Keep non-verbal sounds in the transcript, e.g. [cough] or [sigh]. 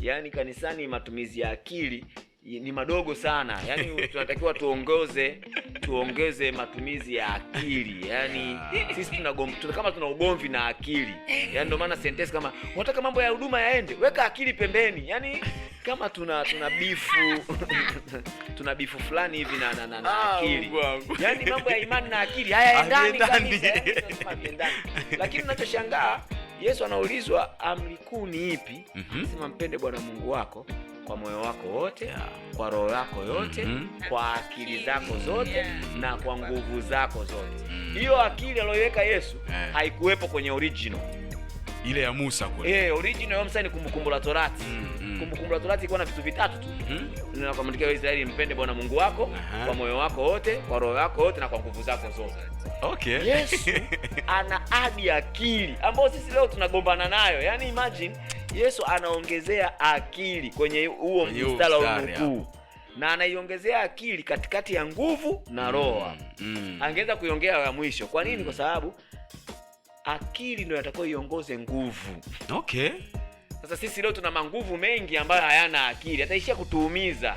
yani kanisani matumizi ya akili ni madogo sana, yani [laughs] tunatakiwa tuongoze tuongeze matumizi ya akili yani yeah. Sisi tunagom, tuna, kama tuna ugomvi na akili yani ndio maana sentensi kama unataka mambo ya huduma yaende, weka akili pembeni, yani kama tuna tuna bifu [laughs] tuna bifu fulani hivi na, na, na, na ah, akili yani mambo ya imani na akili hayaendani kabisa, lakini unachoshangaa Yesu anaulizwa amri kuu ni ipi? mm -hmm. mpende Bwana Mungu wako kwa moyo wako wote, kwa roho yako yote, mm -hmm. kwa akili zako zote, yeah. na kwa nguvu zako zote. Mm. Hiyo akili aliyoiweka Yesu eh. haikuwepo kwenye original ile ya Musa kweli. Eh, original ya Musa ni kumbukumbu la Torati. Mm. mm. Kumbukumbu la Torati ilikuwa na vitu vitatu tu. Mm. Inakwamlikia Israeli mpende Bwana Mungu wako Aha. kwa moyo wako wote, kwa roho yako wote na kwa nguvu zako zote. Okay. Yesu [laughs] ana adi akili ambayo sisi leo tunagombana nayo. Yaani imagine Yesu anaongezea akili kwenye huo mstari wa unukuu na anaiongezea akili katikati ya nguvu na mm, roho. Mm. Mm. Angeweza kuiongea ya mwisho. Kwa nini? Mm. Kwa sababu akili ndio inatakiwa iongoze nguvu. Okay. Sasa sisi leo tuna manguvu mengi ambayo hayana akili, ataishia kutuumiza.